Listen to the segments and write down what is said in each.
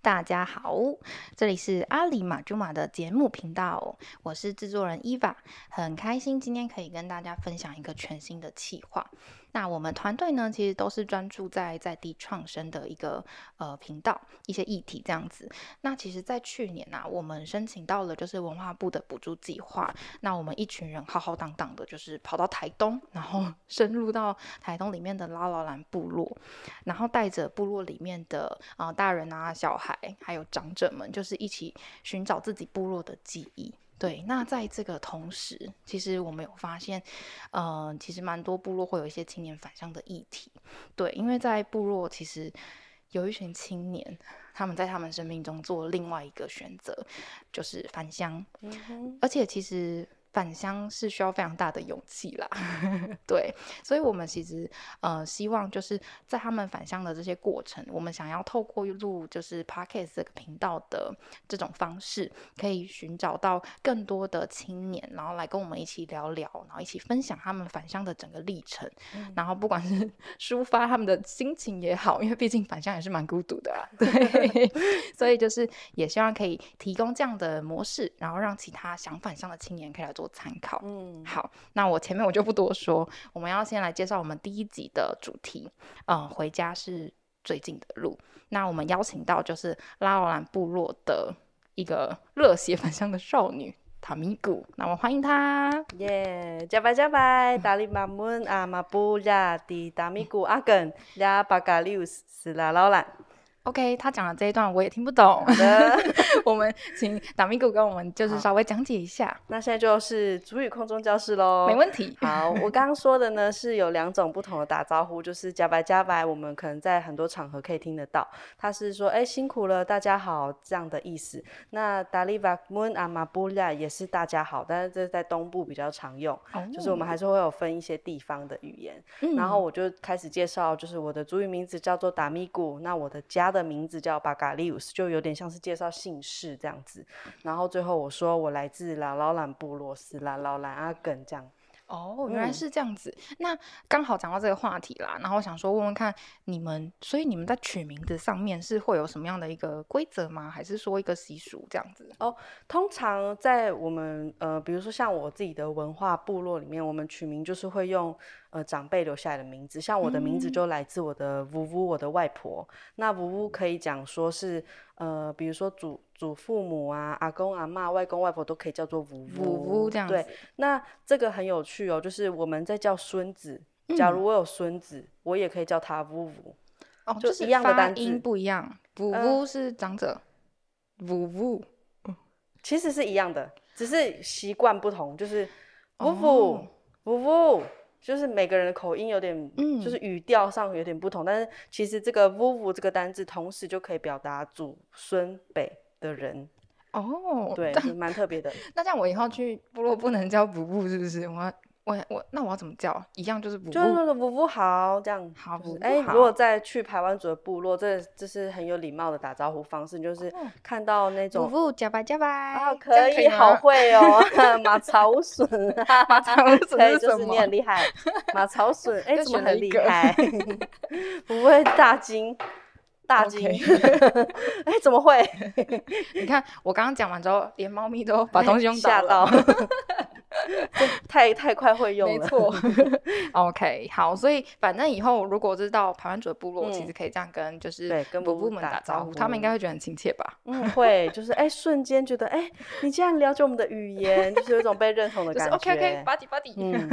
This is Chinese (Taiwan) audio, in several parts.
大家好，這裡是阿里瑪朱瑪的節目頻道，我是製作人伊娃，很開心今天可以跟大家分享一個全新的企劃。那我們團隊呢，其實都是專注在在地創生的一個呃頻道一些議題這樣子。那其實，在去年呢、啊，我們申請到了就是文化部的補助計劃。那我們一群人浩浩蕩蕩的，就是跑到台東，然後深入到台東裡面的拉勞蘭部落，然後帶着部落裡面的啊、呃、大人啊、小孩，還有長者們，就是一起尋找自己部落的記憶。對，那在這個同時，其實我們有發現，呃，其實蠻多部落會有一些青年返鄉的議題。對，因為在部落，其實有一群青年，他們在他們生命中做另外一個選擇，就是返鄉。嗯哼，而且其實。返鄉是需要非常大的勇氣啦，對，所以我們其實呃希望就是在他們返鄉的這些過程，我們想要透過錄就是 podcast 這個頻道的這種方式，可以尋找到更多的青年，然後來跟我們一起聊聊，然後一起分享他們返鄉的整個歷程，嗯、然後不管是抒發他們的心情也好，因為畢竟返鄉也是蠻孤獨的啦，對， 所以就是也希望可以提供這樣的模式，然後讓其他想返鄉的青年可以來。做參考，嗯，好，那我前面我就不多說，我們要先來介紹我們第一集的主題，嗯，回家是最近的路。那我們邀請到就是拉勞蘭部落的一個熱血返鄉的少女塔米古，那我們歡迎她，耶、yeah，加白加白，達利巴姆阿馬布雅蒂，塔米古阿根呀巴卡留斯，斯拉勞蘭。OK，他講的這一段我也聽不懂的。對 我們請達咪古跟我們就是稍微講解一下。那現在就是族語空中教室嘍，沒問題。好，我剛剛說的呢 是有兩種不同的打招呼，就是加白加白，我們可能在很多場合可以聽得到，他是說“哎，辛苦了，大家好”這樣的意思。那達利瓦蒙阿瑪布拉也是“大家好”，但是這是在東部比較常用，哦、就是我們還是會有分一些地方的語言。嗯、然後我就開始介紹，就是我的族語名字叫做達咪古，那我的家的。的名字叫巴嘎利烏斯，就有點像是介紹姓氏這樣子。然後最後我說我來自拉勞蘭布羅斯，拉勞蘭阿根這樣。哦，原來是這樣子。嗯、那剛好講到這個話題啦，然後我想說問問看你們，所以你們在取名字上面是會有什麼樣的一個規則嗎？還是說一個習俗這樣子？哦，通常在我們呃，比如說像我自己的文化部落裡面，我們取名就是會用呃長輩留下來的名字，像我的名字就來自我的 VuVu、嗯、我的外婆。那 VuVu 可以講說是呃，比如說祖。祖父母啊，阿公阿媽、外公外婆都可以叫做武武“嗚嗚”，這樣子對。那這個很有趣哦，就是我們在叫孫子，嗯、假如我有孫子，我也可以叫他武武“嗚嗚、哦”，哦，就是發音不一樣，“嗚嗚”是長者，“嗚嗚、呃”武武其實是一樣的，只是習慣不同，就是武武“嗚嗚、哦”“嗚嗚”，就是每個人的口音有點，嗯、就是語調上有點不同，但是其實這個“嗚嗚”這個單字，同時就可以表達祖孫輩。孫北的人哦，oh, 對，蠻特別的。那這樣我以後去部落不能叫補布，布，是不是？我我我，那我要怎麼叫？一樣就是布布，就就布布好，這樣、就是、好。哎、欸，如果再去排灣族的部落，這就是很有禮貌的打招呼方式，就是看到那種、嗯、布布，加拜加拜可以，可以好會哦， 馬草筍筍， 馬草筍就是你很厲害，馬草筍哎， 欸、怎麼很厲害？ 不會大驚。大驚！哎，怎麼會？ 你看我剛剛講完之後，連貓咪都把東西嚇到。 太太快會用了，OK，沒錯。好，所以反正以後如果知道排灣族的部落，其實可以這樣跟，就是跟伯父們打招呼，他們應該會覺得很親切吧？嗯，會，就是哎，瞬間覺得哎，你竟然了解我們的語言，就是有一種被認同的感覺。OK，OK，巴迪巴迪，嗯，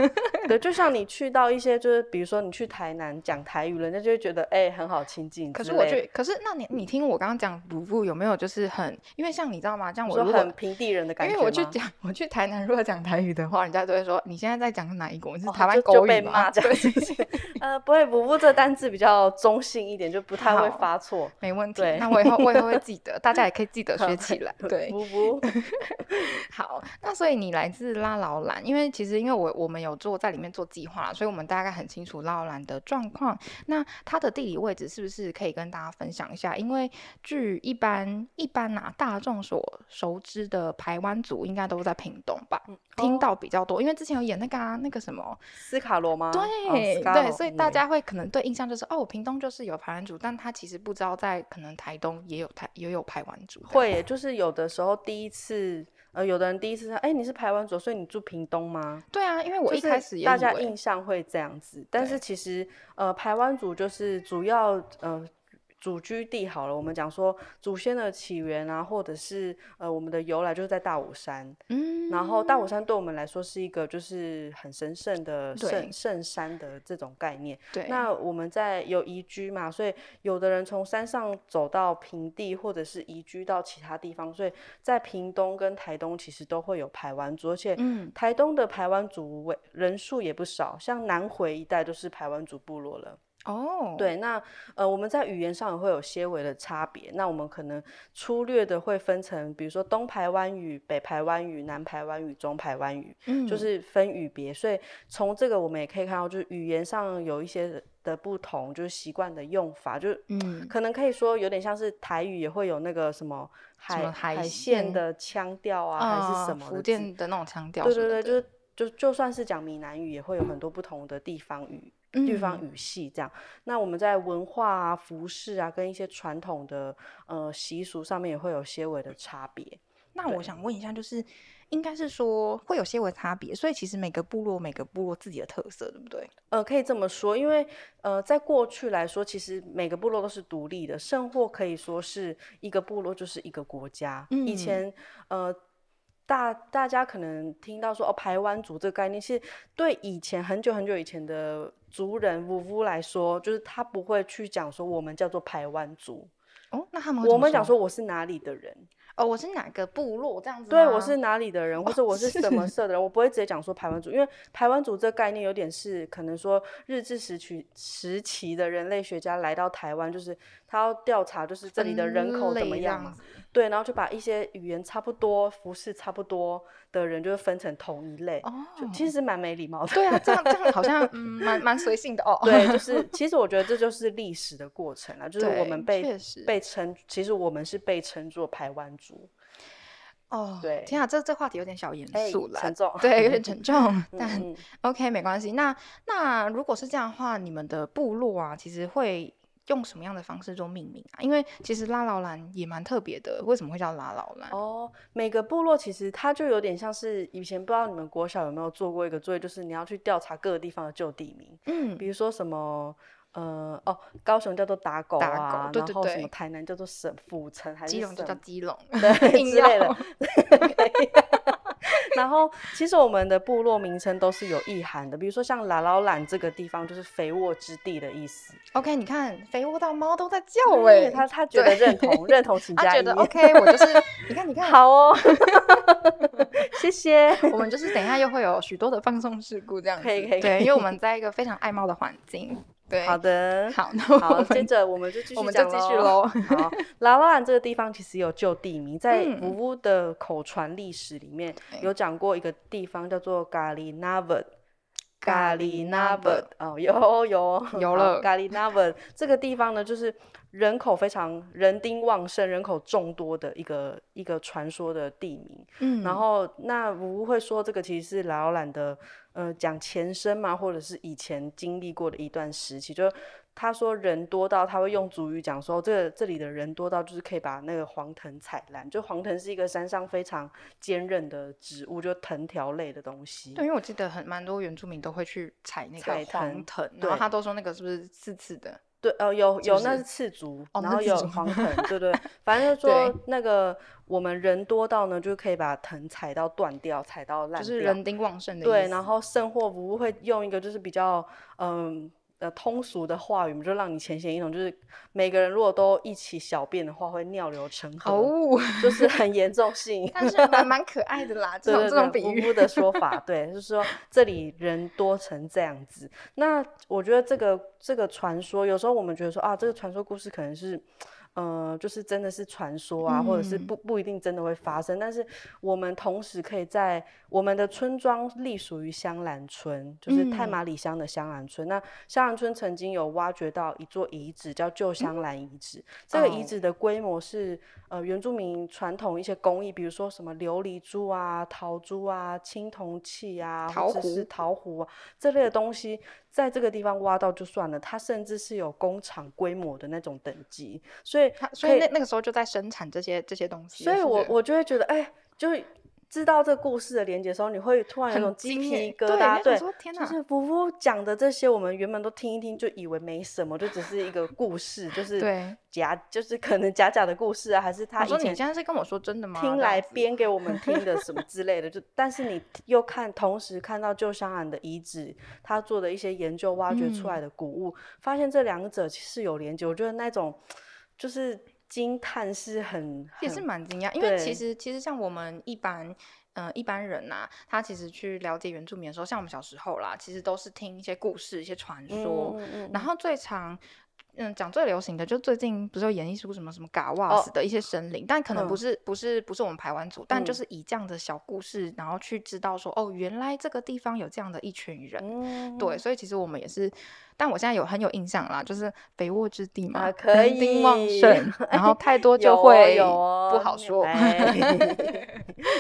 對，就像你去到一些，就是比如說你去台南講台語，人家就會覺得哎，很好親近。可是我覺，可是那你你聽我剛剛講，部部有沒有就是很，因為像你知道嗎？這樣我就很平地人的感覺，因為我去講，我去台南如果講台語的。後人家都會說你現在在講哪一國？你是台灣國語嗎、哦、就就被罵這對呃，不會，不不，這單字比較中性一點，就不太會發錯，沒問題。對那我以後我以後會記得， 大家也可以記得學起來。好對，不不布。 好，那所以你來自拉勞蘭，因為其實因為我我們有做在裡面做計劃，所以我們大概很清楚拉勞蘭的狀況。那它的地理位置是不是可以跟大家分享一下？因為據一般一般拿、啊、大眾所熟知的排灣族應該都是在屏東吧？嗯、聽到、哦。比較多，因為之前有演那個啊，那個什麼斯卡羅嗎？對，哦、對，所以大家會可能對印象就是，嗯、哦，屏東就是有排灣族，但他其實不知道在可能台東也有台也有排灣族。對會，就是有的時候第一次，呃，有的人第一次說，哎、欸，你是排灣族，所以你住屏東嗎？對啊，因為我一開始也是大家印象會這樣子，但是其實呃，排灣族就是主要呃。祖居地好了，我們講說祖先的起源啊，或者是呃我們的由來就是在大武山，嗯，然後大武山對我們來說是一個就是很神聖的聖聖對山的這種概念。對，那我們在有移居嘛，所以有的人從山上走到平地，或者是移居到其他地方，所以在屏東跟台東其實都會有排灣族，而且台東的排灣族為人數也不少，嗯、像南回一帶都是排灣族部落了。哦，oh. 對，那呃，我們在語言上也會有些微的差別。那我們可能粗略的會分成，比如說東排灣語、北排灣語、南排灣語、中排灣語，嗯、就是分語別。所以從這個我們也可以看到，就是語言上有一些的不同，就是習慣的用法，就是可能可以說有點像是台語也會有那個什麼海什麼海線，海線的腔調啊，uh, 還是什麼的福建的那種腔調。對對對，是對就是就就算是講閩南語，也會有很多不同的地方語。嗯地方語系這樣，嗯、那我們在文化啊、服飾啊，跟一些傳統的呃習俗上面也會有些微的差別。那我想問一下，就是應該是說會有些微差別，所以其實每個部落每個部落自己的特色，對不對？呃，可以這麼說，因為呃，在過去來說，其實每個部落都是獨立的，甚或可以說是一個部落就是一個國家。嗯、以前呃。大大家可能聽到說哦，排灣族這個概念，其實對以前很久很久以前的族人、vuvu 來說，就是他不會去講說我們叫做排灣族。哦，那他們我們講說我是哪裡的人？哦，我是哪個部落這樣子？對，我是哪裡的人，或者我是什麼社的人，哦、我不會直接講說排灣族，是是因為排灣族這個概念有點是可能說日治時期時期的人類學家來到台灣，就是他要調查，就是這裡的人口怎麼樣。對，然後就把一些語言差不多、服飾差不多的人，就會分成同一類。哦，其實蠻沒禮貌的。對啊，這樣這樣好像蠻蠻隨性的哦。對，就是其實我覺得這就是歷史的過程了，就是我們被被稱，其實我們是被稱作排灣族。哦，對，天啊，這這話題有點小嚴肅沉重，對，有點沉重。但 OK，沒關係。那那如果是這樣的話，你們的部落啊，其實會。用什麼樣的方式做命名啊？因為其實拉勞蘭也蠻特別的，為什麼會叫拉勞蘭？哦，每個部落其實它就有點像是以前，不知道你們國小有沒有做過一個作業，就是你要去調查各個地方的舊地名。嗯，比如說什麼呃哦，高雄叫做打狗、啊、打狗對對對，然後什麼台南叫做省府城，還是基隆就叫基隆，對 之類的。 然後，其實我們的部落名稱都是有意涵的，比如說像“拉勞蘭”這個地方，就是肥沃之地的意思。OK，你看，肥沃到貓都在叫喂、欸，他他、嗯、覺得認同對認同請加一，他、啊、覺得 OK，我就是你看你看好哦， 謝謝。 我們就是等一下又會有許多的放鬆事故，這樣子可以可以對，因為我們在一個非常愛貓的環境。對好的，好，好我們好接着我們就繼續講，我們就繼續嘍。好，拉勞蘭這個地方其實有舊地名，在吳吳的口傳歷史裡面、嗯、有講過一個地方叫做咖喱納文，咖喱納文，哦，有、oh, 有，有，有了咖喱納文這個地方呢，就是人口非常人丁旺盛、人口眾多的一個一個傳說的地名。嗯，然後那吳吳會說這個其實是拉勞蘭的。呃，講前身嘛，或者是以前經歷過的一段時期，就他說人多到他會用族語講說，這、哦、這裡的人多到就是可以把那個黃藤踩爛，就黃藤是一個山上非常堅韌的植物，就藤條類的東西。對，因為我記得很蠻多原住民都會去踩那個黃藤，藤然後他都說那個是不是刺刺的？對，呃，有有那是赤足，就是哦、然後有黃藤，對對，反正就是說 對那個我們人多到呢，就可以把藤踩到斷掉，踩到爛，就是人丁旺盛的。對，然後聖貨不會用一個就是比較嗯。呃，通俗的話語嘛，就讓你淺顯一種，就是每個人如果都一起小便的話，會尿流成河，Oh. 就是很嚴重性。 但是還蠻可愛的啦， 這種對對對這種比喻，無無的說法，對，就是說這裡人多成這樣子。 那我覺得這個這個傳說，有時候我們覺得說啊，這個傳說故事可能是。呃，就是真的是傳說啊，或者是不不一定真的會發生。嗯、但是我們同時可以在我們的村莊隸屬於香蘭村，就是太麻里鄉的香蘭村。嗯、那香蘭村曾經有挖掘到一座遺址，叫舊香蘭遺址。嗯、這個遺址的規模是、嗯、呃，原住民傳統一些工藝，比如說什麼琉璃珠啊、陶珠啊、青銅器啊，陶壺、或者是陶壺、啊、這類的東西。在這個地方挖到就算了，它甚至是有工廠規模的那種等級，所以，以、啊，所以那那個時候就在生產這些這些東西，所以我我就會覺得，哎、欸，就是。知道這故事的連接時候，你會突然有種雞皮疙瘩。對，你說對天哪！就是 VuVu 講的這些，我們原本都聽一聽就以為沒什麼，就只是一個故事， 就是假， 就是可能假假的故事啊，還是他以前。說，你現在是跟我說真的嗎？聽來編給我們聽的什麼之類的，就 但是你又看，同時看到舊香蘭的遺址，他做的一些研究、挖掘出來的古物，嗯、發現這兩者是有連接。我覺得那種，就是。驚嘆是很，很也是蠻驚訝，因為其實對其實像我們一般，嗯、呃，一般人吶、啊，他其實去了解原住民的時候，像我們小時候啦，其實都是聽一些故事、一些傳說，嗯嗯、然後最常。嗯，講最流行的就最近不是有演一出什麼什麼嘎瓦斯的一些神靈，哦、但可能不是、嗯、不是不是我們排灣族，但就是以這樣的小故事，嗯、然後去知道說哦，原來這個地方有這樣的一群人，嗯、對，所以其實我們也是，但我現在有很有印象啦，就是肥沃之地嘛，啊、可以旺盛，然後太多就會不好說，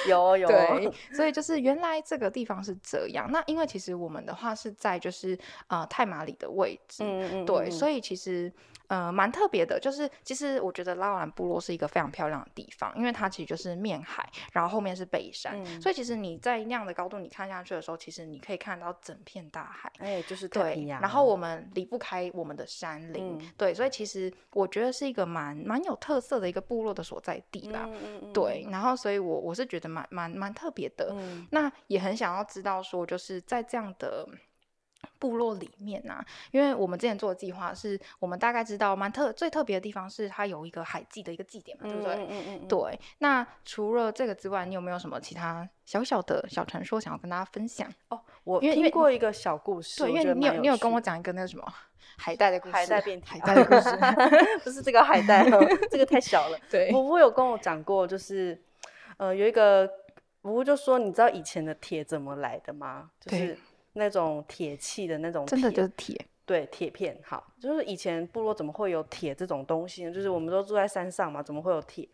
有、哦、有，對，所以就是原來這個地方是這樣，那因為其實我們的話是在就是呃太麻里的位置，嗯、對，嗯、所以其實。呃，蠻特別的，就是其實我覺得拉勞蘭部落是一個非常漂亮的地方，因為它其實就是面海，然後後面是北山，嗯、所以其實你在那樣的高度你看下去的時候，其實你可以看到整片大海，哎、欸，就是對。然後我們離不開我們的山林，嗯、對，所以其實我覺得是一個蠻蠻有特色的一個部落的所在地啦。嗯嗯嗯對。然後，所以我，我我是覺得蠻蠻蠻特別的，嗯、那也很想要知道說，就是在這樣的。部落裡面吶、啊，因為我們之前做的計劃是，我們大概知道蠻特最特別的地方是它有一個海祭的一個祭典嘛，對不對？嗯嗯嗯。嗯對。那除了這個之外，你有沒有什麼其他小小的小傳說想要跟大家分享？哦，我為聽過一個小故事。對,對，因為你有你有跟我講一個那什麼海帶的故事。海帶變、啊、海帶的故事， 不是這個海帶、啊， 這個太小了。對，不會有跟我講過，就是呃有一個我，吳就說，你知道以前的鐵怎麼來的嗎？就是。那種鐵器的那種，真的就是鐵，對，鐵片。好，就是以前部落怎麼會有鐵這種東西呢？就是我們都住在山上嘛，怎麼會有鐵？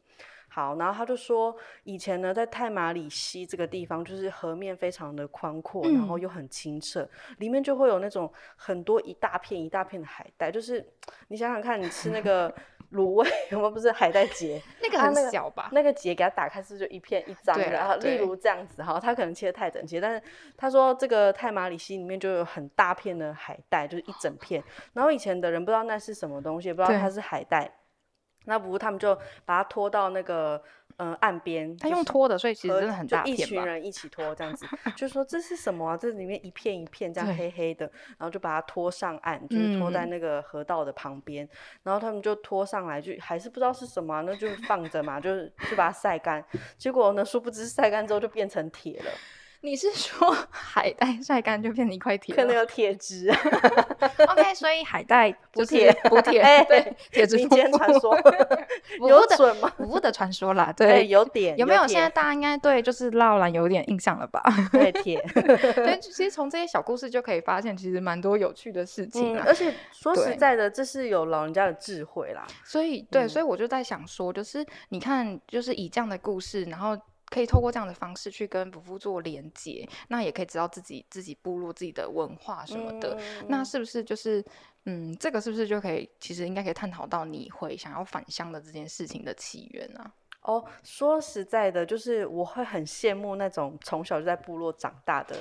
好，然後他就說，以前呢，在太麻里溪這個地方，就是河面非常的寬闊，嗯、然後又很清澈，裡面就會有那種很多一大片一大片的海帶。就是你想想看，你吃那個。 滷味，我們 不是海帶結， 那個很小吧？啊那個、那個結給它打開是，不是就一片一張、啊、然後例如這樣子哈，它對、喔、可能切得太整齊，但是他說這個泰馬里西裡面就有很大片的海帶，就是一整片。 然後以前的人不知道那是什麼東西，不知道它是海帶。那不，不，他們就把它拖到那個嗯岸邊，就是、他用拖的，所以其實真的很大一群人一起拖這樣子，就說，這是什麼、啊？這裡面一片一片這樣黑黑的，對然後就把它拖上岸，就是拖在那個河道的旁邊，嗯、然後他們就拖上來，就還是不知道是什麼、啊，那就放着嘛，就是就把它曬乾，結果呢，殊不知曬乾之後就變成鐵了。你是說海帶曬乾就變成一塊鐵？可能有鐵質。OK，所以海帶補鐵，補鐵，對，鐵質。民間傳說，有的，有的傳說啦，對，有點。有沒有？現在大家應該對就是勞蘭有點印象了吧？對，鐵。所以其實從這些小故事就可以發現，其實蠻多有趣的事情。嗯，而且說實在的，這是有老人家的智慧啦。所以，對，所以我就在想說，就是你看，就是以這樣的故事，然後。可以透過這樣的方式去跟部落做連接，那也可以知道自己自己部落自己的文化什麼的。嗯、那是不是就是嗯，這個是不是就可以其實應該可以探討到你會想要返鄉的這件事情的起源啊？哦，說實在的，就是我會很羨慕那種從小就在部落長大的，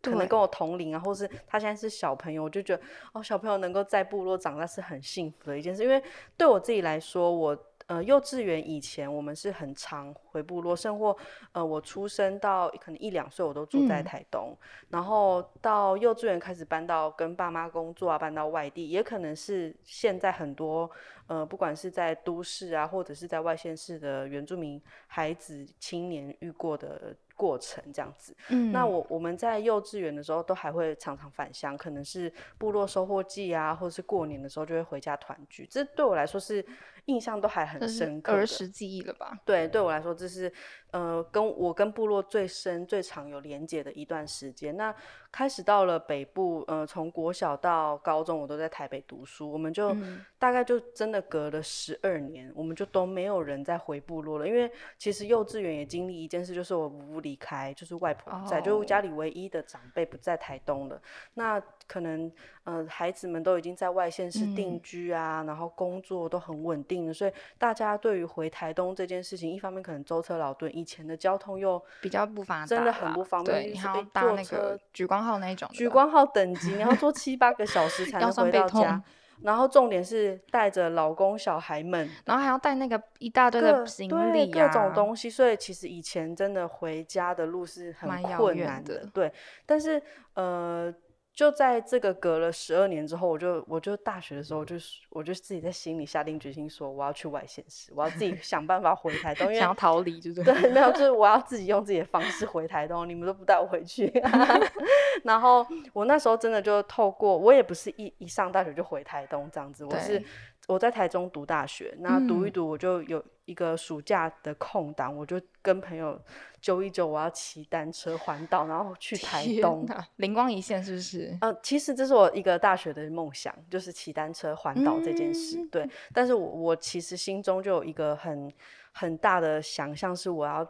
對可能跟我同齡啊，或是他現在是小朋友，我就覺得哦，小朋友能夠在部落長大是很幸福的一件事，因為對我自己來說，我。呃，幼稚園以前我們是很常回部落生活。呃，我出生到可能一兩歲，我都住在台東。嗯、然後到幼稚園開始搬到跟爸媽工作啊，搬到外地，也可能是現在很多，呃，不管是在都市啊，或者是在外縣市的原住民孩子青年遇過的過程這樣子。嗯、那我我們在幼稚園的時候，都還會常常返鄉，可能是部落收穫季啊，或是過年的時候就會回家團聚。這對我來說是。印象都還很深刻，兒時記憶了吧？對，對我來說這是呃，跟我跟部落最深、最長有連接的一段時間。那開始到了北部，呃，從國小到高中，我都在台北讀書，我們就、嗯、大概就真的隔了十二年，我們就都沒有人再回部落了。因為其實幼稚園也經歷一件事，就是我無離開，就是外婆在，哦、就是家裡唯一的長輩不在台東了。那可能呃，孩子們都已經在外縣市定居啊，嗯、然後工作都很穩定。所以大家對於回台東這件事情，一方面可能舟車勞頓，以前的交通又比較不方便，真的很不方便。方便對，你還要搭那個莒車光號那種，莒光號等級，你要坐七八個小時才能回到家。 然後重點是帶着老公、小孩們，然後還要帶那個一大堆的行李、啊各對、各種東西。所以其實以前真的回家的路是很困難的。的對，但是呃。就在這個隔了十二年之後，我就我就大學的時候，就是我就自己在心裡下定決心說，我要去外縣市，我要自己想辦法回台東， 因為想要逃離就是對，對，沒有就是我要自己用自己的方式回台東， 你們都不帶我回去。 然後我那時候真的就透過，我也不是一一上大學就回台東這樣子，對我是。我在台中讀大學，那讀一讀我就有一個暑假的空檔，嗯、我就跟朋友揪一揪，我要騎單車環島，然後去台東。靈光一現，是不是？嗯、呃，其實這是我一個大學的夢想，就是騎單車環島這件事。嗯、對，但是我我其實心中就有一個很很大的想象，是我要。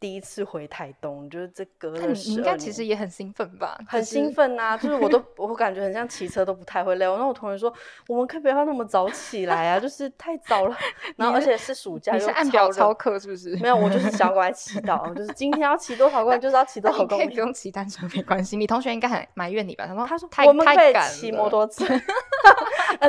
第一次回台東，就是這隔的。你應該其實也很興奮吧？很興奮啊！就是我都我感覺很像騎車都不太會累。然後我同學說：“我們可不要那麼早起來啊，就是太早了。”然後而且是暑假，你是按表操課是不是？沒有，我就是想過來騎島。就是今天要騎多少公里，就是要騎多少公里。可以不用騎單車沒關係。你同學應該很埋怨你吧？他說：“他說我們可以騎摩托車。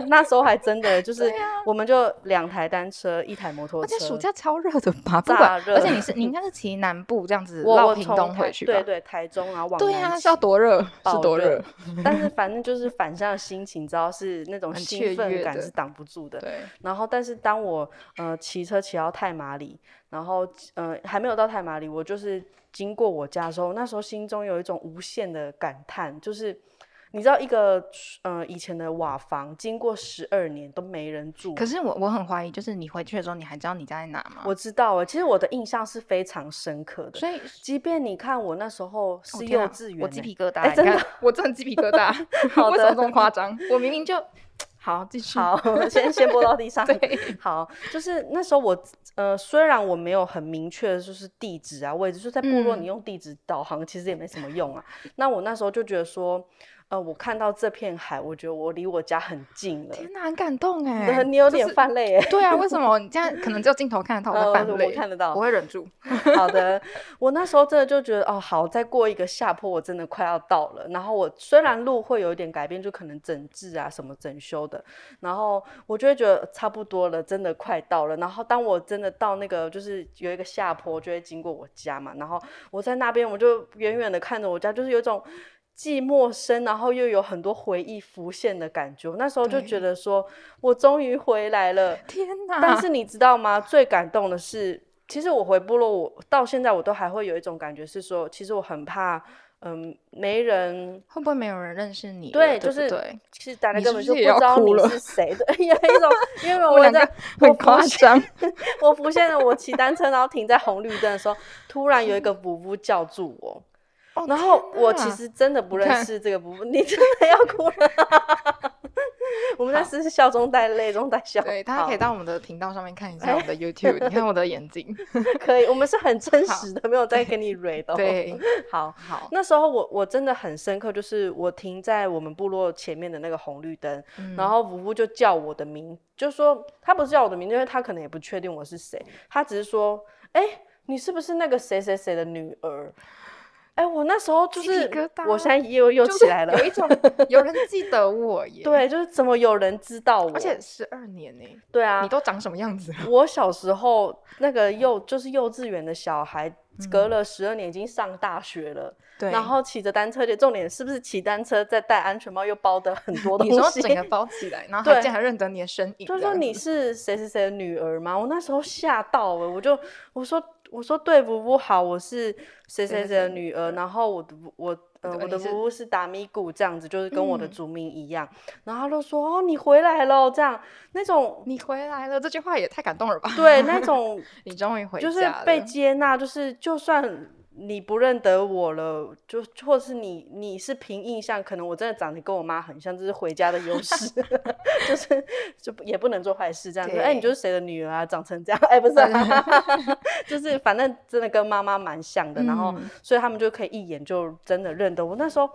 那時候還真的就是，我們就兩台單車，一台摩托車。而且暑假超熱的嘛，不管而且你是你應該是騎。南部這樣子落屏東，回去，我我從台對對，對台中啊後往對呀、啊、是要多熱是多熱， 但是反正就是返鄉的心情，你知道是那種興奮感是擋不住的。的然後但是當我呃騎車騎到太麻里，然後呃還沒有到太麻里，我就是經過我家的時候，那時候心中有一種無限的感嘆，就是。你知道一個呃以前的瓦房，經過十二年都沒人住。可是我我很懷疑，就是你回去的時候，你還知道你家在哪嗎？我知道了，我其實我的印象是非常深刻的。所以，即便你看我那時候是幼稚園、哦啊，欸、我雞皮疙瘩，欸、真的，你看我真的雞皮疙瘩。 好的，為什麼這麼誇張，我明明就好，繼續，好，好先先播到地上 對好，就是那時候我呃，雖然我沒有很明確，就是地址啊位置，我也就是在部落，你用地址導航、嗯、其實也沒什麼用啊。那我那時候就覺得說。呃，我看到這片海，我覺得我離我家很近了。天哪，很感動哎，你有點泛淚哎。對啊，為什麼？你這樣可能只有鏡頭看得到我、 呃，我泛淚，我看得到，我會忍住。好的，我那時候真的就覺得，哦，好，再過一個下坡，我真的快要到了。 然後我雖然路會有一點改變，就可能整治啊什麼整修的，然後我就會覺得差不多了，真的快到了。然後當我真的到那個就是有一個下坡，我就會經過我家嘛。然後我在那邊，我就遠遠的看着我家，就是有一種。既陌生，然後又有很多回憶浮現的感覺。那時候就覺得說，對我終於回來了，天哪！但是你知道嗎？最感動的是，其實我回部落，我到現在我都還會有一種感覺，是說，其實我很怕，嗯，沒人會不會沒有人認識你？對，對對，就是其實大家根本就不知道你是誰的。有一種，因為我，在 我兩個很誇張，我浮，我浮現了我騎單車，然後停在紅綠燈的時候，突然有一個伯伯叫住我。 然後我其實真的不認識這個福福，你，看 你真的要哭了。 我們在是笑中帶淚，好中帶笑。對，大家可以到我們的頻道上面看一下我們的 YouTube。 你看我的眼睛。 可以，我們是很真實的，好沒有在給你 read、哦，對。對，好好。好，那時候我我真的很深刻，就是我停在我們部落前面的那個紅綠燈，嗯、然後福福就叫我的名，就是說他不是叫我的名，因為他可能也不確定我是誰，他只是說，哎、欸，你是不是那個誰誰誰的女兒？哎，我那時候就是，我現在又又起來了，有一種 有人記得我耶。對，就是怎麼有人知道我？而且十二年呢。對啊，你都長什麼樣子？我小時候那個幼就是幼稚園的小孩，隔了十二年已經上大學了，對、嗯。然後騎着單車，重點是不是騎單車再戴安全帽，又包的很多東西， 你說整個包起來，然後竟然還認得你的身影，就是說你是誰誰誰的女兒嗎？我那時候嚇到了，我就我說。我說對服不好，我是誰誰誰的女兒，對然後我的我對呃是我的服是達米古這樣子，就是跟我的族名一樣，嗯、然後她就說哦你回來了這樣，那種你回來了這句話也太感動了吧，對那種 你終於回就是被接納，就是就算。你不認得我了，就或是你你是憑印象，可能我真的長得跟我媽很像，這是回家的優勢， 就是就也不能做壞事這樣子。對哎，你就是誰的女兒啊？長成這樣，哎，不是、啊， 就是反正真的跟媽媽蠻像的，嗯、然後所以他們就可以一眼就真的認得我。那時候。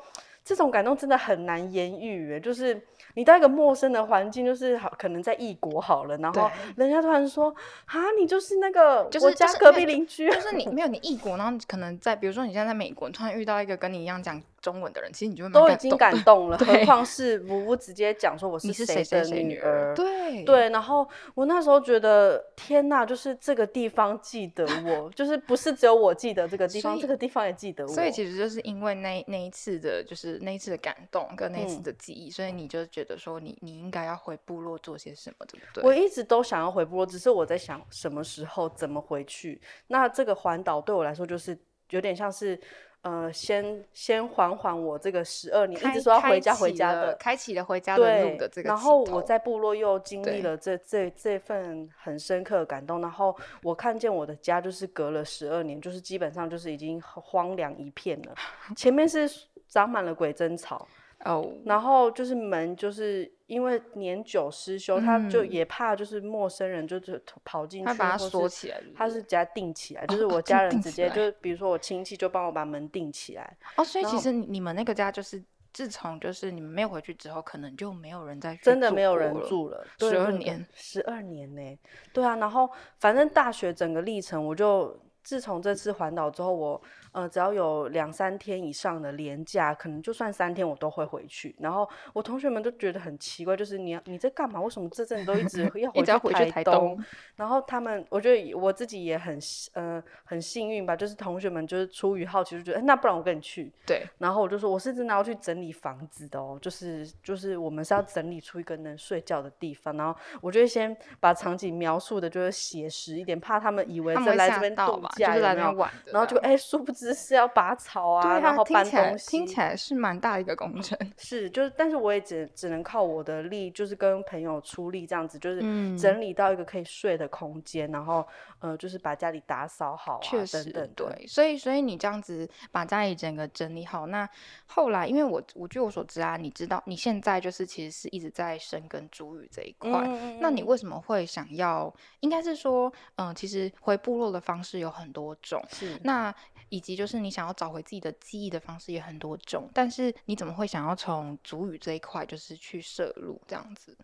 這種感動真的很難言喻，誒，就是你到一個陌生的環境，就是好，可能在異國好了，然後人家突然說蛤對，你就是那個我家隔壁鄰居、就是就是就是，就是你沒有你異國，然後可能在，比如說你現在在美國，突然遇到一個跟你一樣講。中文的人其實你就都已經感動了， 對何況是我不，不直接講說我是誰的女兒，對對。然後我那時候覺得天哪，就是這個地方記得我， 就是不是只有我記得這個地方，所以這個地方也記得我。所以其實就是因為那那一次的就是那一次的感動跟那一次的記憶，嗯、所以你就覺得說你你應該要回部落做些什麼，對不對？我一直都想要回部落，只是我在想什麼時候怎麼回去。那這個環島對我來說就是有點像是。呃，先先緩緩，我這個十二年開一直說要回家，回家的，開啟了，對了回家的路，然後我在部落又經歷了這這對這份很深刻的感動，然後我看見我的家，就是隔了十二年，就是基本上就是已經荒涼一片了。 前面是長滿了鬼針草哦， 然後就是門就是。因為年久失修，嗯、他就也怕就是陌生人就是跑進去，會把他把鎖起來，是就是、他是直接釘起來，哦、就是我家人直接、哦、就，就比如說我親戚就幫我把門釘起來。哦，所以其實你們那個家就是後自從就是你們沒有回去之後，可能就沒有人再真的沒有人住了十二年，十二年呢、欸？對啊，然後反正大學整個歷程，我就自從這次環島之後，我。呃，只要有兩三天以上的連假，可能就算三天我都會回去。然後我同學們都覺得很奇怪，就是你你在幹嘛？為什麼這陣都一直要回去台東？ 台東，然後他們，我覺得我自己也很嗯、呃、很幸運吧，就是同學們就是出於好奇，就覺得哎，那不然我跟你去。對。然後我就說我是真的要去整理房子的哦，就是就是我們是要整理出一個能睡覺的地方。 然後我就先把場景描述的，就是寫實一點，怕他們以為在來這邊度假，到有有就是來那玩。然後就哎，殊不知。是是要拔草啊，啊然後搬東西聽，聽起來是蠻大的一個工程。是，就是，但是我也只只能靠我的力，就是跟朋友出力這樣子，就是整理到一個可以睡的空間，嗯、然後呃，就是把家裡打掃好啊，確實等等對，對，所以所以你這樣子把家裡整個整理好，那後來因為我我據我所知啊，你知道你現在就是其實是一直在深耕族語這一塊，嗯、那你為什麼會想要？應該是說，嗯、呃，其實回部落的方式有很多種，是的那。以及就是你想要找回自己的記憶的方式也很多種，但是你怎麼會想要從族語這一塊就是去攝入這樣子？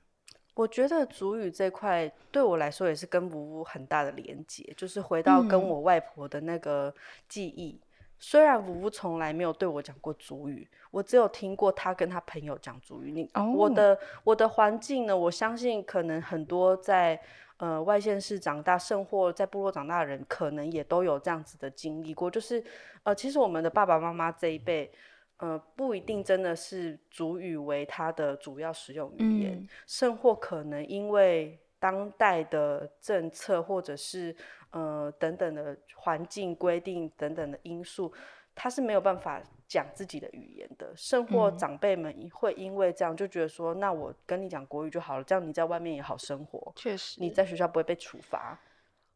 我覺得族語這塊對我來說也是跟不很大的連接，就是回到跟我外婆的那個記憶。嗯雖然 vuvu 從來沒有對我講過族語，我只有聽過他跟他朋友講族語。你、oh. 我的我的環境呢？我相信可能很多在呃外縣市長大，甚或在部落長大的人，可能也都有這樣子的經歷過。就是呃，其實我們的爸爸媽媽這一輩，呃，不一定真的是族語為他的主要使用語言，mm. 甚或可能因為當代的政策或者是。呃，等等的環境規定等等的因素，他是沒有辦法講自己的語言的。甚或長輩們會因為這樣、嗯、就覺得說，那我跟你講國語就好了，這樣你在外面也好生活。確實，你在學校不會被處罰啊。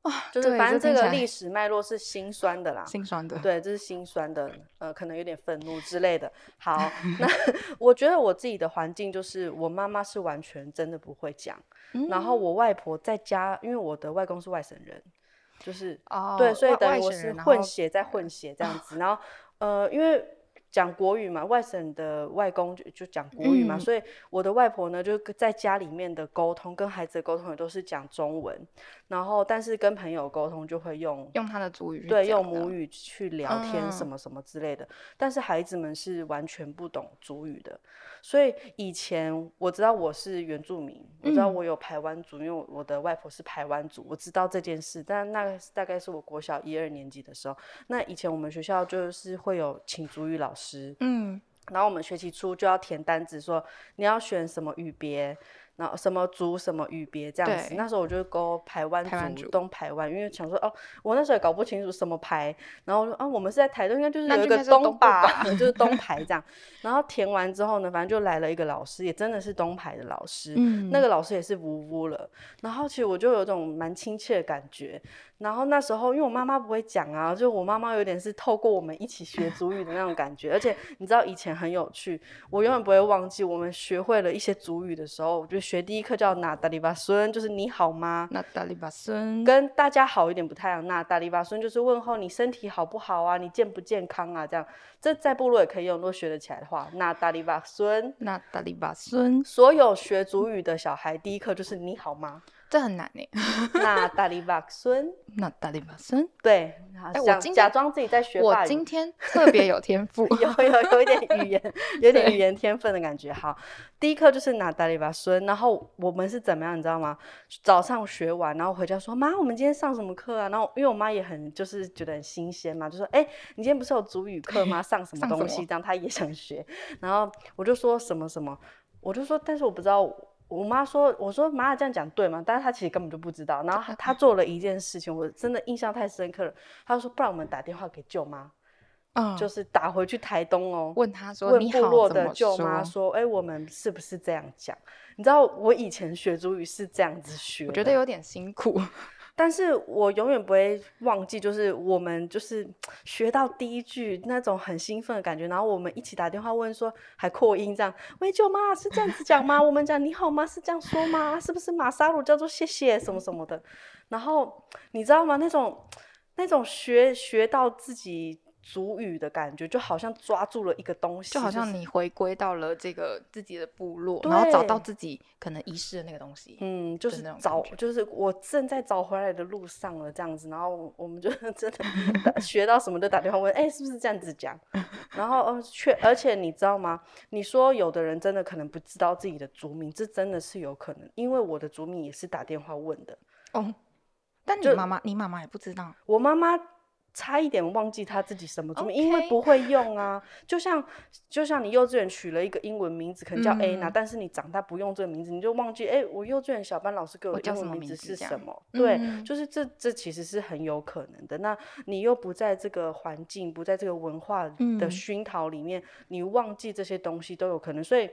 哦、就是，反正這個歷史脈絡是心酸的啦，心酸的。對，這是心酸的。呃，可能有點憤怒之類的。好， 那我覺得我自己的環境就是，我媽媽是完全真的不會講，嗯、然後我外婆在家，因為我的外公是外省人。就是，oh，對，所以等於我是混血，再混血這樣子，然後，呃，因為。講國語嘛，外省的外公就就講國語嘛，嗯、所以我的外婆呢，就在家裡面的溝通跟孩子的溝通也都是講中文，然後但是跟朋友溝通就會用用他的族語的，對，用母語去聊天什麼什麼之類的。嗯、但是孩子們是完全不懂族語的，所以以前我知道我是原住民，我知道我有排灣族，嗯、因為我的外婆是排灣族，我知道這件事。但那大概是我國小一二年級的時候，那以前我們學校就是會有請族語老師。嗯，然後我們學期初就要填單子說，說你要選什麼語別。那什麼族什麼語別這樣子，對那時候我就勾排灣台灣族東排灣，因為想說哦，我那時候也搞不清楚什麼排。然後我啊我們是在台東應該就是有一個東吧，是東吧 就是東排這樣。然後填完之後呢，反正就來了一個老師，也真的是東排的老師，嗯嗯那個老師也是無辜了。然後其實我就有一種蠻親切的感覺。然後那時候因為我媽媽不會講啊，就我媽媽有點是透過我們一起學族語的那種感覺， 而且你知道以前很有趣，我永遠不會忘記我們學會了一些族語的時候，我就。學第一課叫那大里巴孫，就是你好嗎？那達里巴孫跟大家好一點不太一、啊、樣，那大里巴孫就是問候你身體好不好啊，你健不健康啊？這樣，這在部落也可以用，如果學得起來的話，那大里巴孫，那大里巴孫，所有學族語的小孩 第一課就是你好嗎？這很難呢、欸。那大力瓦孫，那大力瓦孫，對，我假裝自己在學。 我今天特別有天賦， 有有有，有一點語言，有點語言天分的感覺。好，對第一課就是拿大力瓦孫。然後我們是怎麼樣，你知道嗎？早上學完，然後回家說媽，我們今天上什麼課啊？然後因為我媽也很就是覺得很新鮮嘛，就說哎、欸，你今天不是有族語課嗎？對上什麼東西？這樣她也想學，然後我就說什麼什麼，我就說，但是我不知道。我媽說：“我說媽，這樣講對嗎？”但是她其實根本就不知道。然後她做了一件事情，我真的印象太深刻了。她說：“不然我們打電話給舅媽，嗯、就是打回去台東哦，問她說，問部落的舅媽說，好哎，我們是不是這樣講？你知道我以前學族語是這樣子學，我覺得有點辛苦。” 但是我永遠不會忘記，就是我們就是學到第一句那種很興奮的感覺，然後我們一起打電話問說還擴音這樣，喂，舅媽是這樣子講嗎？ 我們講你好嗎是這樣說嗎？是不是瑪莎魯叫做謝謝什麼什麼的？然後你知道嗎？那種那種學學到自己族語的感覺就好像抓住了一個東西，就好像你回歸到了這個自己的部落，對然後找到自己可能遺失的那個東西。嗯，就是找，就是，那種就是我正在找回來的路上了，這樣子。然後我們就真的 學到什麼，都打電話問，哎、欸，是不是這樣子講？ 然後，嗯，卻而且你知道嗎？你說有的人真的可能不知道自己的族名，這真的是有可能，因為我的族名也是打電話問的。哦，但你媽媽，就你媽媽也不知道，我媽媽。差一點忘記他自己什麼怎麼，Okay. 因為不會用啊。就像就像你幼稚園取了一個英文名字，可能叫 Anna、嗯嗯、但是你長大不用這個名字，你就忘記。哎、欸，我幼稚園小班老師給我叫什麼名字是什麼？什麼對，嗯嗯就是這這其實是很有可能的。嗯嗯那你又不在這個環境，不在這個文化的熏陶裡面，你忘記這些東西都有可能。所以，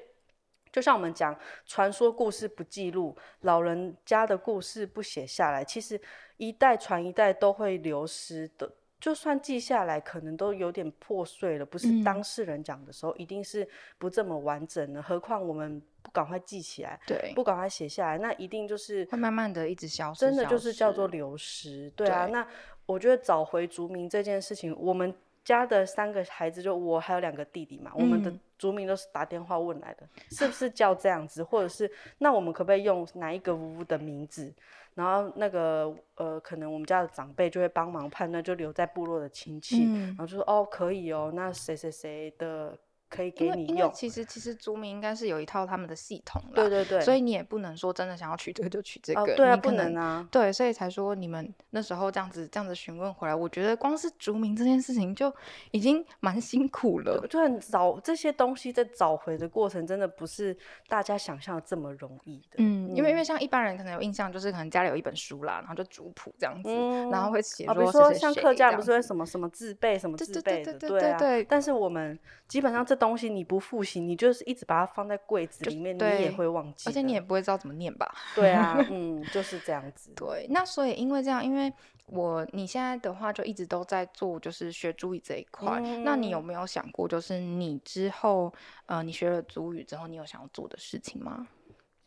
就像我們講，傳說故事不記錄，老人家的故事不寫下來，其實一代傳一代都會流失的。就算記下來，可能都有點破碎了。不是當事人講的時候，嗯、一定是不這麼完整的。何況我們不趕快記起來，對，不趕快寫下來，那一定就是會慢慢的一直消失。真的就是叫做流失。對啊，那我覺得找回族名這件事情，我們家的三個孩子，就我還有兩個弟弟嘛，嗯、我們的族名都是打電話問來的， 是不是叫這樣子，或者是那我們可不可以用哪一個屋、呃呃、的名字？然後那個呃，可能我們家的長輩就會幫忙判斷，就留在部落的親戚，嗯，然後就說哦，可以哦，那誰誰誰的。可以給你用，因為因為其實其實族名應該是有一套他們的系統了，對對對，所以你也不能說真的想要取這個就取這個，對啊，不能啊，對，所以才說你們那時候這樣子這樣子詢問回來，我覺得光是族名這件事情就已經蠻辛苦了。就很找這些東西在找回的過程真的不是大家想象的這麼容易的，嗯，因為因為像一般人可能有印象就是可能家裡有一本書啦，然後就族譜這樣子，然後會寫比如說像客家不是會什麼什麼字輩什麼字輩，對對對，但是我們基本上這。東西你不複習，你就是一直把它放在櫃子裡面，就你也會忘記，而且你也不會知道怎麼念吧？對啊，嗯， 就是這樣子。對，那所以因為這樣，因為我你現在的話就一直都在做，就是學族語這一塊。嗯、那你有沒有想過，就是你之後，呃，你學了族語之後，你有想要做的事情嗎？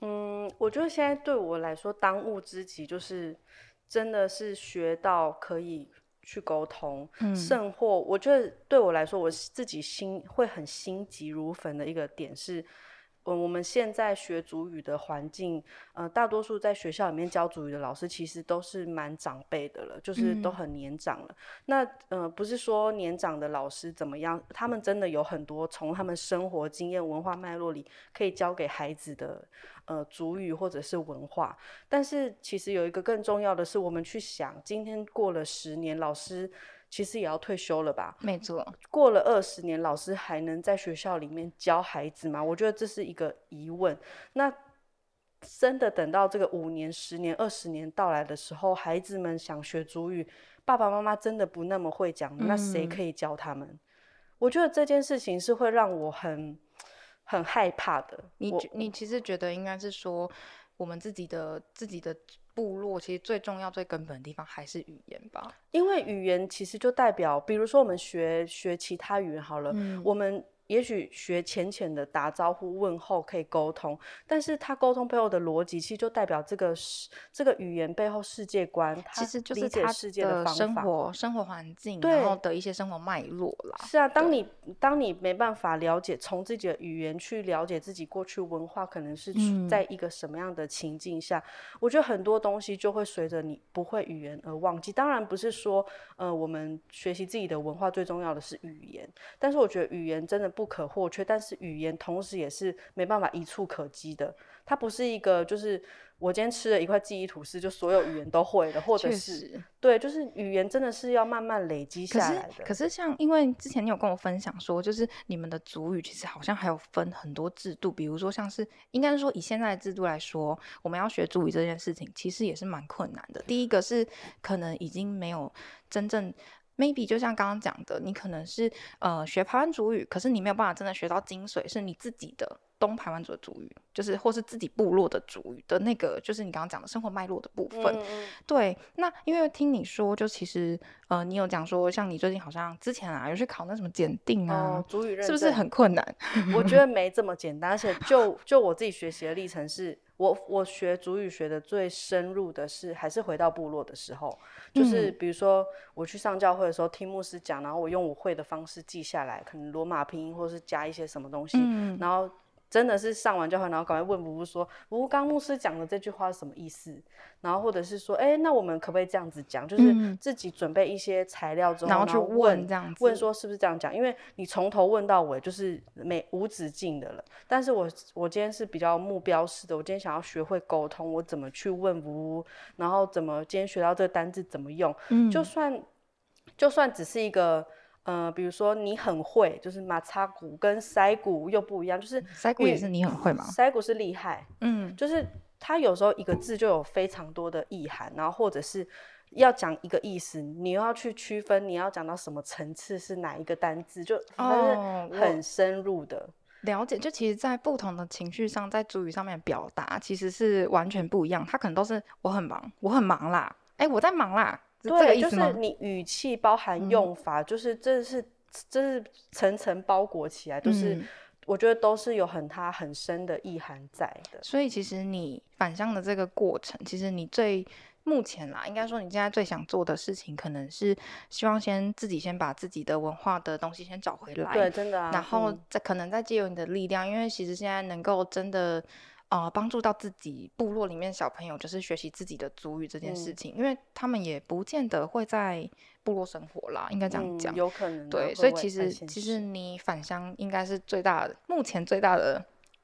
嗯，我覺得現在對我來說當務之急就是，真的是學到可以去溝通，甚或、嗯、我覺得對我來說，我自己心會很心急如焚的一個點是。我、嗯、我們現在學族語的環境，呃，大多數在學校裡面教族語的老師其實都是蠻長輩的了，就是都很年長了。嗯嗯，那呃，不是說年長的老師怎麼樣，他們真的有很多從他們生活經驗、文化脈絡裡可以教給孩子的，呃，族語或者是文化。但是其實有一個更重要的是，我們去想，今天過了十年，老師。其實也要退休了吧？沒錯，過了二十年，老師還能在學校裡面教孩子嗎？我覺得這是一個疑問。那真的等到這個五年、十年、二十年到來的時候，孩子們想學族語，爸爸媽媽真的不那麼會講，那誰可以教他們？嗯、我覺得這件事情是會讓我很很害怕的。你我你其實覺得應該是說我們自己的自己的。部落其實最重要、最根本的地方還是語言吧，因為語言其實就代表，比如說我們學學其他語言好了，嗯、我們。也許學淺淺的打招呼問候可以溝通，但是他溝通背後的邏輯，其實就代表這個是這個語言背後世界觀，其實就是他的生活世界的方法、生活環境，對然後的一些生活脈絡啦。是啊，當你對當你沒辦法了解，從自己的語言去了解自己過去文化，可能是在一個什麼樣的情境下，嗯、我覺得很多東西就會隨着你不會語言而忘記。當然不是說，呃，我們學習自己的文化最重要的是語言，但是我覺得語言真的不可或缺，但是語言同時也是沒辦法一蹴可及的。它不是一個就是我今天吃了一塊記憶吐司，就所有語言都會的，或者是實對，就是語言真的是要慢慢累積下來的可。可是像因為之前你有跟我分享說，就是你們的族語其實好像還有分很多制度，比如說像是應該是說以現在的制度來說，我們要學族語這件事情其實也是蠻困難的。第一個是可能已經沒有真正。maybe 就像剛剛講的，你可能是呃學排灣族語，可是你沒有辦法真的學到精髓，是你自己的東排灣族的族語，就是或是自己部落的族語的那個，就是你剛剛講的生活脈絡的部分。嗯嗯對，那因為聽你說，就其實呃，你有講說，像你最近好像之前啊有去考那什麼檢定啊，嗯、族語是不是很困難？我覺得沒這麼簡單， 而且就就我自己學習的歷程是。我我學族語學的最深入的是還是回到部落的時候，嗯、就是比如說我去上教會的時候聽牧師講，然後我用我會的方式記下來，可能羅馬拼音或是加一些什麼東西，嗯、然後。真的是上完就會，然後趕快問吳吳說：“吳吳，剛剛牧師講的這句話是什麼意思？”然後或者是說：“哎、欸，那我們可不可以這樣子講？嗯、就是自己準備一些材料之後，然後去問這樣問，問說是不是這樣講？因為你從頭問到尾就是沒無止境的了。但是我我今天是比較目標式的，我今天想要學會溝通，我怎麼去問吳吳？然後怎麼今天學到這個單字怎麼用？嗯、就算就算只是一個。”呃，比如說你很會，就是馬叉骨跟腮骨又不一樣，就是腮骨也是你很會嗎？腮骨是厲害，嗯，就是它有時候一個字就有非常多的意涵，然後或者是要講一個意思，你又要去區分你要講到什麼層次，是哪一個單字，就哦，很深入的、哦嗯、了解。就其實，在不同的情緒上，在族語上面表達其實是完全不一樣，他可能都是我很忙，我很忙啦，哎，我在忙啦。對，就是你語氣包含用法，嗯、就是這是這是層層包裹起來，嗯、就是我覺得都是有很它很深的意涵在的。所以其實你返鄉的這個過程，其實你最目前啦，應該說你現在最想做的事情，可能是希望先自己先把自己的文化的東西先找回來。對，真的、啊。然後再可能再借由你的力量，因為其實現在能夠真的。啊，幫、呃、助到自己部落裡面小朋友，就是學習自己的族語這件事情，嗯、因為他們也不見得會在部落生活啦，應該這樣講、嗯，有可能會會對，所以其實其實你返鄉應該是最大的，目前最大的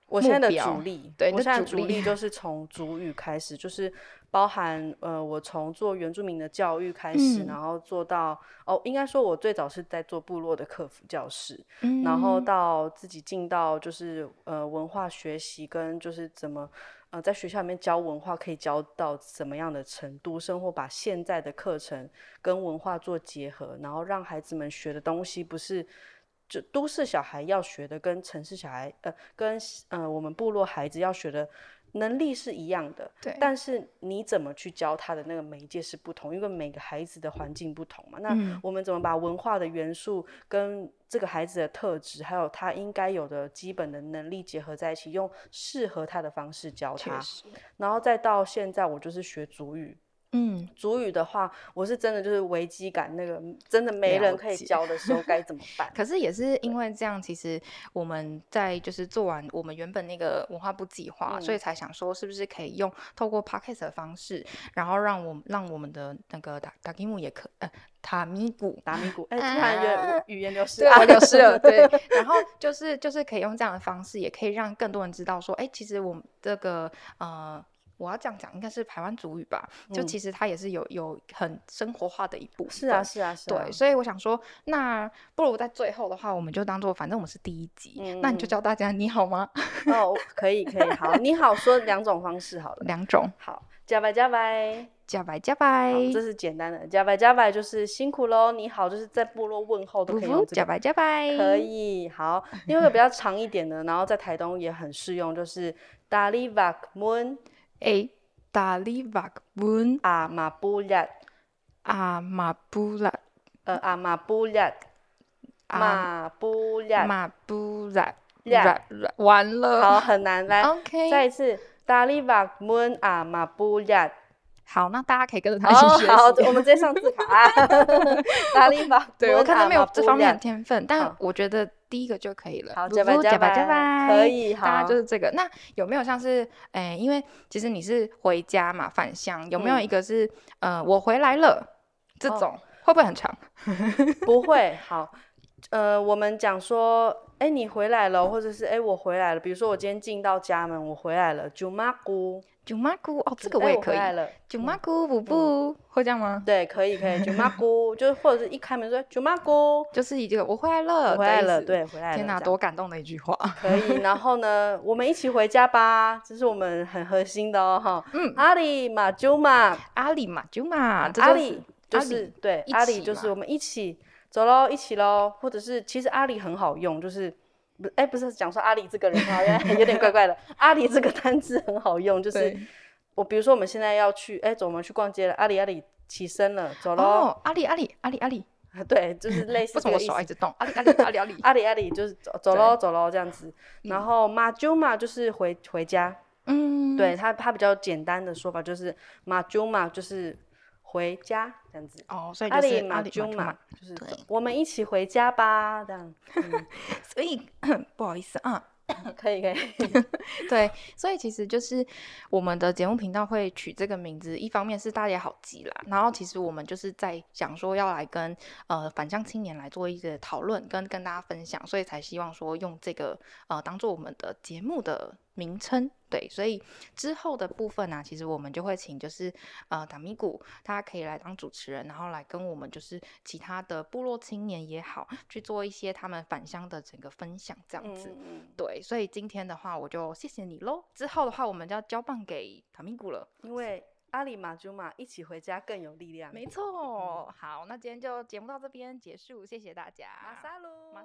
目標。我現在的主力，對，我現在的主力就是從族語開始， 就是。包含呃，我從做原住民的教育開始，嗯、然後做到哦，應該說我最早是在做部落的客服教師，嗯、然後到自己進到就是呃文化學習跟就是怎麼呃在學校裡面教文化可以教到怎麼樣的程度，生活把現在的課程跟文化做結合，然後讓孩子們學的東西不是就都市小孩要學的跟城市小孩呃跟呃我們部落孩子要學的，能力是一樣的，對但是你怎麼去教他的那個媒介是不同，因為每個孩子的環境不同嘛。那我們怎麼把文化的元素跟這個孩子的特質，嗯、還有他應該有的基本的能力結合在一起，用適合他的方式教他？實然後再到現在，我就是學族語。嗯，主語的話，我是真的就是危機感，那個真的沒人可以教的時候該怎麼辦？可是也是因為這樣，其實我們在就是做完我們原本那個文化部計劃，所以才想說，是不是可以用透過 podcast 的方式，然後讓我讓我們的那個打打機母也可，呃，打米古打米古，突然語言流失了對，然後就是就是可以用這樣的方式，也可以讓更多人知道說，哎，其實我們這個呃。我要這樣講，應該是台灣族語吧？就其實它也是有有很生活化的一部分。是啊，是啊，是。對，所以我想說，那不如在最後的話，我們就當做反正我們是第一集，那你就教大家你好嗎？哦，可以可以，好，你好，說兩種方式好了，兩種。好，加拜加拜，加拜加拜。好，這是簡單的，加拜加拜就是辛苦嘍，你好，就是在部落問候都可以用這個加拜加拜，可以。好，因為比較長一點的，然後在台東也很適用，就是 Dalivak Moon 哎，達利瓦姆阿馬布拉，阿馬布拉，呃，阿馬布拉，馬布拉，馬布拉，完了，好，很難，來。OK，再一次，達利瓦姆阿馬布拉。好，那大家可以跟着他一起學。好，我們直接上字卡啊。達利瓦，對，我看他沒有這方面的天分，但我覺得。第一個就可以了，好，R oo, 加白加白，加白加白可以，好，就是這個。好那有沒有像是，哎、欸，因為其實你是回家嘛，返鄉，有沒有一個是，嗯、呃，我回來了這種，哦、會不會很長？ 不會，好，呃，我們講說，哎、欸，你回來了，嗯、或者是哎、欸，我回來了，比如說我今天進到家門，我回來了，Jumaku。舅媽姑，哦，這個我也可以。舅媽姑，不不，會這樣嗎？對，可以可以。舅媽姑，就是或者是一開門說舅媽姑，就是一句“我回來了，回來了”，對，回來了。天哪，多感動的一句話。可以，然後呢，我們一起回家吧，這是我們很核心的哦，哈。嗯，阿里嘛，舅嘛，阿里嘛，舅嘛，阿里就是對，阿里就是我們一起走嘍，一起嘍，或者是其實阿里很好用，就是。不，哎，欸、不是講說阿里這個人哈，原來有點怪怪的。 阿里這個單詞很好用，就是對我，比如說我們現在要去，哎、欸，走我們去逛街了？阿里阿里，起身了，走嘍、oh。阿里阿里阿里阿里，對，就是類似 什麼意思？阿里阿里 阿里阿里阿里就是走走嘍對走嘍這樣子。然後馬啾嘛，嗯、就是回回家。嗯，對他他比較簡單的說法就是馬啾嘛，嗯、就是。回家這樣子哦，所以就是阿嘛，就是我們一起回家吧對這樣。嗯、 所以不好意思啊， 可以可以， 對，所以其實就是我們的節目頻道會取這個名字，一方面是大家好記啦，然後其實我們就是在想說要來跟呃返鄉青年來做一個討論，跟跟大家分享，所以才希望說用這個呃當做我們的節目的。名稱。對，所以之後的部分呢、啊，其實我們就會請就是呃塔米古，他可以來當主持人，然後來跟我們就是其他的部落青年也好，去做一些他們返鄉的整個分享這樣子。嗯嗯，對，所以今天的話，我就謝謝你嘍。之後的話，我們就要交棒給塔米古了，因為阿里馬祖瑪一起回家更有力量。沒錯，好，那今天就節目到這邊結束，謝謝大家。馬撒嘍，馬